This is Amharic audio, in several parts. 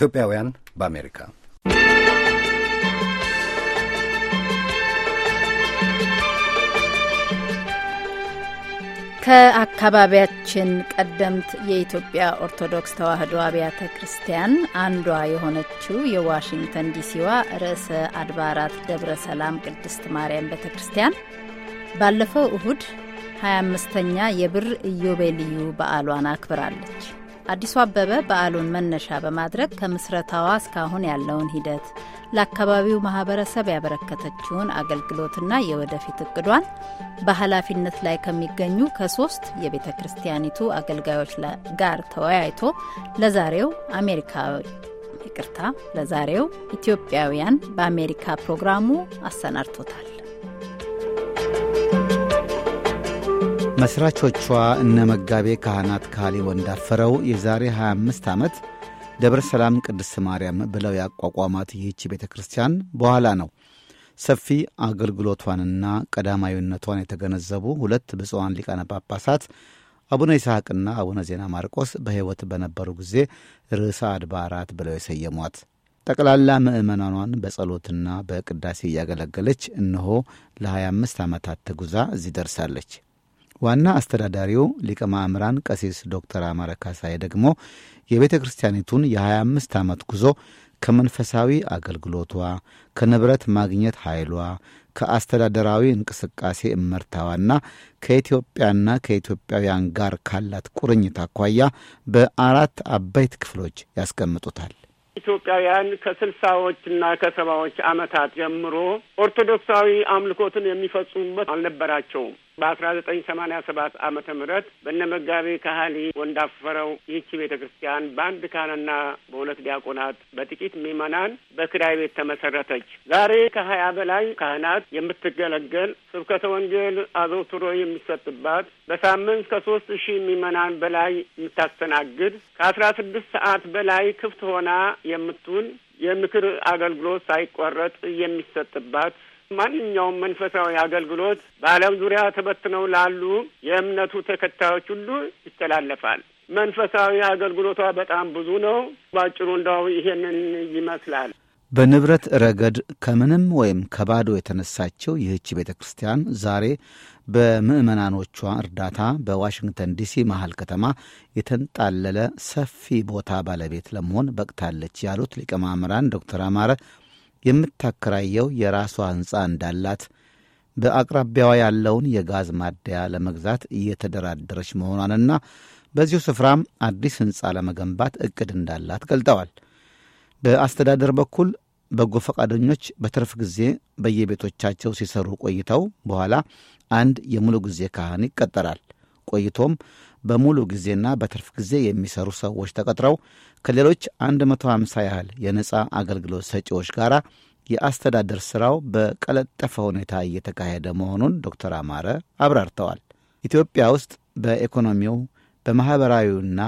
ኢትዮጵያውያን በአሜሪካ ከአካባቢያችን ቀደምት የኢትዮጵያ ኦርቶዶክስ ተዋሕዶ አብያተ ክርስቲያን አንዷ የሆነችው የዋሽንግተን ዲሲዋ ርዕሰ አድባራት ደብረ ሰላም ቅድስት ማርያም ቤተ ክርስቲያን ባለፈው እሁድ 25ኛ የብር ኢዮቤልዩ በዓሏን አክብራለች። አዲሱ አበበ በዓሉን መነሻ በማድረግ ከምስረታዋ እስካሁን ያለውን ሂደት ለአካባቢው ማህበረሰብ ያበረከተችውን አገልግሎትና የወደፊት እቅዷን በኃላፊነት ላይ ከሚገኙ ከሶስት የቤተ ክርስቲያኒቱ አገልጋዮች ጋር ተወያይቶ ለዛሬው አሜሪካ ይቅርታ፣ ለዛሬው ኢትዮጵያውያን በአሜሪካ ፕሮግራሙ አሰናድቶታል። መስራቾቿ እነ መጋቤ ካህናት ካሊ ወንዳፈረው የዛሬ 25 ዓመት ደብረ ሰላም ቅድስት ማርያም ብለው ያቋቋሟት ይህች ቤተ ክርስቲያን በኋላ ነው ሰፊ አገልግሎቷንና ቀዳማዊነቷን የተገነዘቡ ሁለት ብፁዓን ሊቃነ ጳጳሳት አቡነ ይስሐቅና አቡነ ዜና ማርቆስ በሕይወት በነበሩ ጊዜ ርዕሰ አድባራት ብለው የሰየሟት። ጠቅላላ ምዕመናኗን በጸሎትና በቅዳሴ እያገለገለች እነሆ ለ25 ዓመታት ተጉዛ እዚህ ደርሳለች። ዋና አስተዳዳሪው ሊቀ ማእምራን ቀሲስ ዶክተር አማረ ካሳይ ደግሞ የቤተ ክርስቲያኒቱን የ25 ዓመት ጉዞ ከመንፈሳዊ አገልግሎቷ፣ ከንብረት ማግኘት ኃይሏ፣ ከአስተዳደራዊ እንቅስቃሴ እመርታዋና ከኢትዮጵያና ከኢትዮጵያውያን ጋር ካላት ቁርኝት አኳያ በአራት አበይት ክፍሎች ያስቀምጡታል። ኢትዮጵያውያን ከስልሳዎችና ከሰባዎች ዓመታት ጀምሮ ኦርቶዶክሳዊ አምልኮትን የሚፈጽሙበት አልነበራቸውም። በአስራ ዘጠኝ ሰማኒያ ሰባት ዓመተ ምህረት በነ መጋቤ ካህሊ ወንዳፈረው ይህቺ ቤተ ክርስቲያን በአንድ ካህንና በሁለት ዲያቆናት በጥቂት ሚመናን በክራይ ቤት ተመሰረተች። ዛሬ ከሀያ በላይ ካህናት የምትገለገል ስብከተ ወንጌል አዘውትሮ የሚሰጥባት በሳምንት ከሶስት ሺህ ምዕመናን በላይ የምታስተናግድ ከአስራ ስድስት ሰዓት በላይ ክፍት ሆና የምትውል የምክር አገልግሎት ሳይቋረጥ የሚሰጥባት ማንኛውም መንፈሳዊ አገልግሎት በዓለም ዙሪያ ተበትነው ላሉ የእምነቱ ተከታዮች ሁሉ ይተላለፋል። መንፈሳዊ አገልግሎቷ በጣም ብዙ ነው። ባጭሩ እንደው ይሄንን ይመስላል። በንብረት ረገድ ከምንም ወይም ከባዶ የተነሳችው ይህች ቤተ ክርስቲያን ዛሬ በምዕመናኖቿ እርዳታ በዋሽንግተን ዲሲ መሀል ከተማ የተንጣለለ ሰፊ ቦታ ባለቤት ለመሆን በቅታለች ያሉት ሊቀ ማእምራን ዶክተር አማረ የምታከራየው የራሷ ሕንፃ እንዳላት በአቅራቢያዋ ያለውን የጋዝ ማደያ ለመግዛት እየተደራደረች መሆኗንና በዚሁ ስፍራም አዲስ ሕንፃ ለመገንባት እቅድ እንዳላት ገልጠዋል። በአስተዳደር በኩል በጎ ፈቃደኞች በትርፍ ጊዜ በየቤቶቻቸው ሲሰሩ ቆይተው በኋላ አንድ የሙሉ ጊዜ ካህን ይቀጠራል። ቆይቶም በሙሉ ጊዜና በትርፍ ጊዜ የሚሰሩ ሰዎች ተቀጥረው ከሌሎች 150 ያህል የነፃ አገልግሎት ሰጪዎች ጋር የአስተዳደር ሥራው በቀለጠፈ ሁኔታ እየተካሄደ መሆኑን ዶክተር አማረ አብራርተዋል። ኢትዮጵያ ውስጥ በኢኮኖሚው በማኅበራዊውና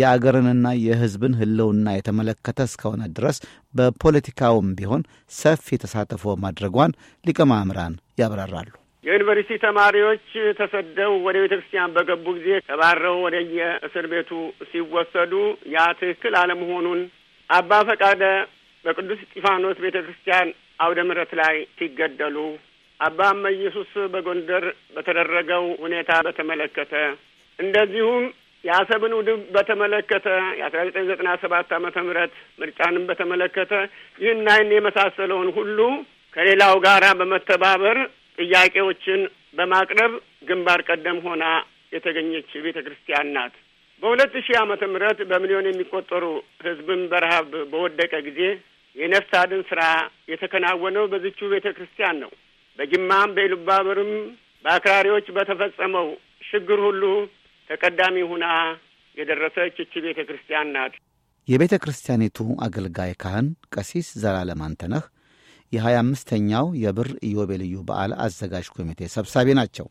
የአገርንና የሕዝብን ህልውና የተመለከተ እስከሆነ ድረስ በፖለቲካውም ቢሆን ሰፊ ተሳትፎ ማድረጓን ሊቀማምራን ያብራራሉ። የዩኒቨርሲቲ ተማሪዎች ተሰደው ወደ ቤተ ክርስቲያን በገቡ ጊዜ ተባረው ወደ የእስር ቤቱ ሲወሰዱ ያ ትክክል አለመሆኑን አባ ፈቃደ በቅዱስ እስጢፋኖስ ቤተ ክርስቲያን አውደ ምረት ላይ ሲገደሉ፣ አባ እመ ኢየሱስ በጎንደር በተደረገው ሁኔታ በተመለከተ እንደዚሁም የአሰብን ውድብ በተመለከተ የአስራ ዘጠኝ ዘጠና ሰባት አመተ ምህረት ምርጫንም በተመለከተ ይህን አይን የመሳሰለውን ሁሉ ከሌላው ጋራ በመተባበር ጥያቄዎችን በማቅረብ ግንባር ቀደም ሆና የተገኘች ቤተ ክርስቲያን ናት። በሁለት ሺህ ዓመተ ምህረት በሚሊዮን የሚቆጠሩ ህዝብን በረሃብ በወደቀ ጊዜ የነፍስ አድን ስራ የተከናወነው በዚቹ ቤተ ክርስቲያን ነው። በጅማም በኢሉባብርም በአክራሪዎች በተፈጸመው ችግር ሁሉ ተቀዳሚ ሁና የደረሰች እቺ ቤተ ክርስቲያን ናት። የቤተ ክርስቲያኒቱ አገልጋይ ካህን ቀሲስ ዘላለም አንተነህ የ25ኛው የብር ኢዮቤልዩ በዓል አዘጋጅ ኮሚቴ ሰብሳቢ ናቸው።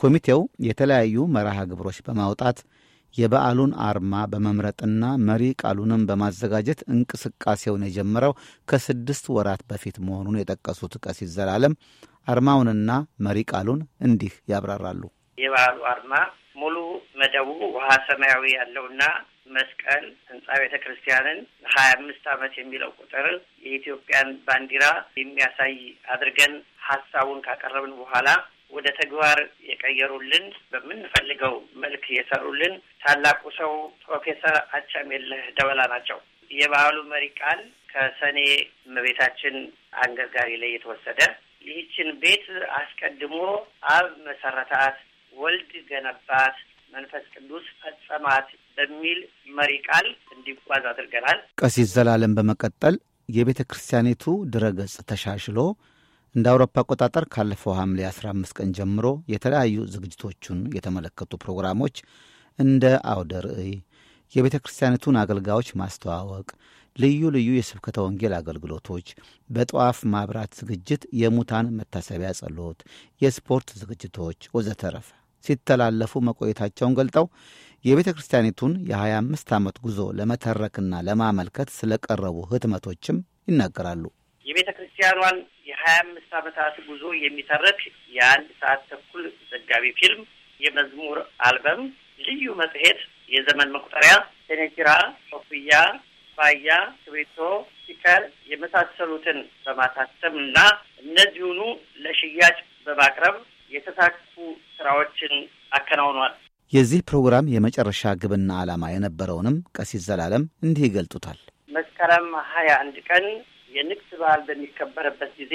ኮሚቴው የተለያዩ መርሃ ግብሮች በማውጣት የበዓሉን አርማ በመምረጥና መሪ ቃሉንም በማዘጋጀት እንቅስቃሴውን የጀመረው ከስድስት ወራት በፊት መሆኑን የጠቀሱት ቀሲስ ዘላለም አርማውንና መሪ ቃሉን እንዲህ ያብራራሉ። የበዓሉ አርማ ሙሉ መደቡ ውሃ ሰማያዊ ያለውና መስቀል ህንጻ ቤተ ክርስቲያንን ሀያ አምስት አመት የሚለው ቁጥርን የኢትዮጵያን ባንዲራ የሚያሳይ አድርገን ሀሳቡን ካቀረብን በኋላ ወደ ተግባር የቀየሩልን በምንፈልገው መልክ የሰሩልን ታላቁ ሰው ፕሮፌሰር አቻምየለህ ደበላ ናቸው። የበዓሉ መሪ ቃል ከሰኔ እመቤታችን አንገርጋሪ ላይ የተወሰደ ይህችን ቤት አስቀድሞ አብ መሰረታት፣ ወልድ ገነባት፣ መንፈስ ቅዱስ ፈጸማት በሚል መሪ ቃል እንዲጓዝ አድርገናል። ቀሲስ ዘላለም በመቀጠል የቤተ ክርስቲያኒቱ ድረገጽ ተሻሽሎ እንደ አውሮፓ አቆጣጠር ካለፈው ሐምሌ 15 ቀን ጀምሮ የተለያዩ ዝግጅቶቹን የተመለከቱ ፕሮግራሞች እንደ አውደ ርዕይ፣ የቤተ ክርስቲያኒቱን አገልጋዮች ማስተዋወቅ፣ ልዩ ልዩ የስብከተ ወንጌል አገልግሎቶች፣ በጠዋፍ ማብራት ዝግጅት፣ የሙታን መታሰቢያ ጸሎት፣ የስፖርት ዝግጅቶች ወዘተረፈ ሲተላለፉ መቆየታቸውን ገልጠው የቤተ ክርስቲያኒቱን የ25 ዓመት ጉዞ ለመተረክና ለማመልከት ስለቀረቡ ህትመቶችም ይናገራሉ። የቤተ ክርስቲያኗን የ25 ዓመታት ጉዞ የሚተረክ የአንድ ሰዓት ተኩል ዘጋቢ ፊልም፣ የመዝሙር አልበም፣ ልዩ መጽሔት፣ የዘመን መቁጠሪያ፣ ቴኔቲራ፣ ኮፍያ፣ ባያ፣ ክብሪቶ፣ ሲከር የመሳሰሉትን በማሳተም እና እነዚሁኑ ለሽያጭ በማቅረብ የተሳኩ ስራዎችን አከናውኗል። የዚህ ፕሮግራም የመጨረሻ ግብና ዓላማ የነበረውንም ቀሲስ ዘላለም እንዲህ ይገልጡታል። መስከረም ሀያ አንድ ቀን የንግስ በዓል በሚከበርበት ጊዜ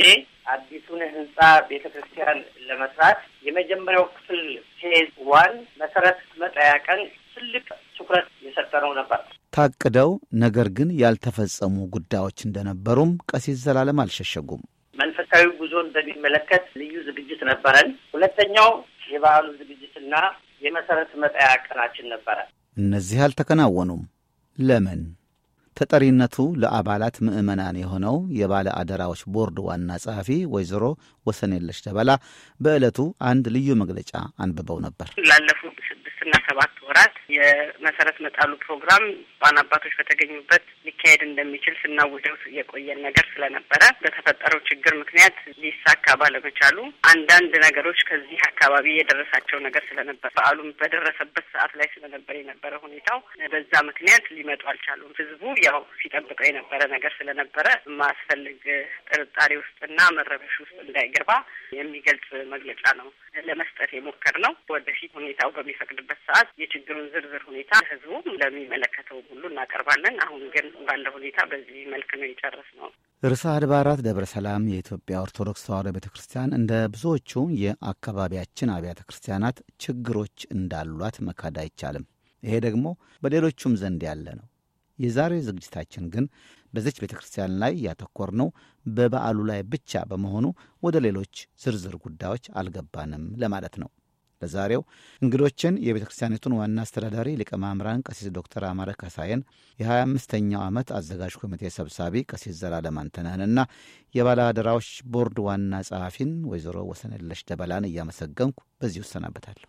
አዲሱን ህንጻ ቤተ ክርስቲያን ለመስራት የመጀመሪያው ክፍል ፌዝ ዋን መሰረት መጣያ ቀን ትልቅ ትኩረት የሰጠነው ነበር። ታቅደው ነገር ግን ያልተፈጸሙ ጉዳዮች እንደነበሩም ቀሲስ ዘላለም አልሸሸጉም። መንፈሳዊ ጉዞን በሚመለከት ልዩ ዝግጅት ነበረን። ሁለተኛው የበዓሉ ዝግጅትና የመሰረት መጣያ ቀናችን ነበረ። እነዚህ አልተከናወኑም። ለምን? ተጠሪነቱ ለአባላት ምዕመናን የሆነው የባለ አደራዎች ቦርድ ዋና ጸሐፊ ወይዘሮ ወሰንየለሽ ደበላ በዕለቱ አንድ ልዩ መግለጫ አንብበው ነበር። ላለፉት ስድስትና ሰባት ወራት የመሰረት መጣሉ ፕሮግራም ባን አባቶች በተገኙበት ሊካሄድ እንደሚችል ስናውደው የቆየን ነገር ስለነበረ በተፈጠረው ችግር ምክንያት ሊሳካ ባለመቻሉ አንዳንድ ነገሮች ከዚህ አካባቢ የደረሳቸው ነገር ስለነበር በዓሉም በደረሰበት ሰዓት ላይ ስለነበር የነበረ ሁኔታው በዛ ምክንያት ሊመጡ አልቻሉም። ህዝቡ ያው ሲጠብቀው የነበረ ነገር ስለነበረ ማስፈልግ ጥርጣሬ ውስጥና መረበሽ ውስጥ እንዳይገባ የሚገልጽ መግለጫ ነው ለመስጠት የሞከር ነው። ወደፊት ሁኔታው በሚፈቅድበት ሰዓት የችግሩን ዝርዝር ሁኔታ ህዝቡም ለሚመለከተው ሁሉ እናቀርባለን። አሁን ግን ባለ ሁኔታ በዚህ መልክ ነው የጨረስ ነው። ርዕሰ አድባራት ደብረ ሰላም የኢትዮጵያ ኦርቶዶክስ ተዋሕዶ ቤተ ክርስቲያን እንደ ብዙዎቹ የአካባቢያችን አብያተ ክርስቲያናት ችግሮች እንዳሏት መካድ አይቻልም። ይሄ ደግሞ በሌሎቹም ዘንድ ያለ ነው። የዛሬ ዝግጅታችን ግን በዚች ቤተ ክርስቲያን ላይ ያተኮርነው በበዓሉ ላይ ብቻ በመሆኑ ወደ ሌሎች ዝርዝር ጉዳዮች አልገባንም ለማለት ነው። ለዛሬው እንግዶችን የቤተ ክርስቲያኒቱን ዋና አስተዳዳሪ ሊቀ ማምራን ቀሲስ ዶክተር አማረ ካሳየን፣ የ25ኛው ዓመት አዘጋጅ ኮሚቴ ሰብሳቢ ቀሲስ ዘላለም አንተነህንና የባለአደራዎች ቦርድ ዋና ጸሐፊን ወይዘሮ ወሰንለሽ ደበላን እያመሰገንኩ በዚህ እሰናበታለሁ።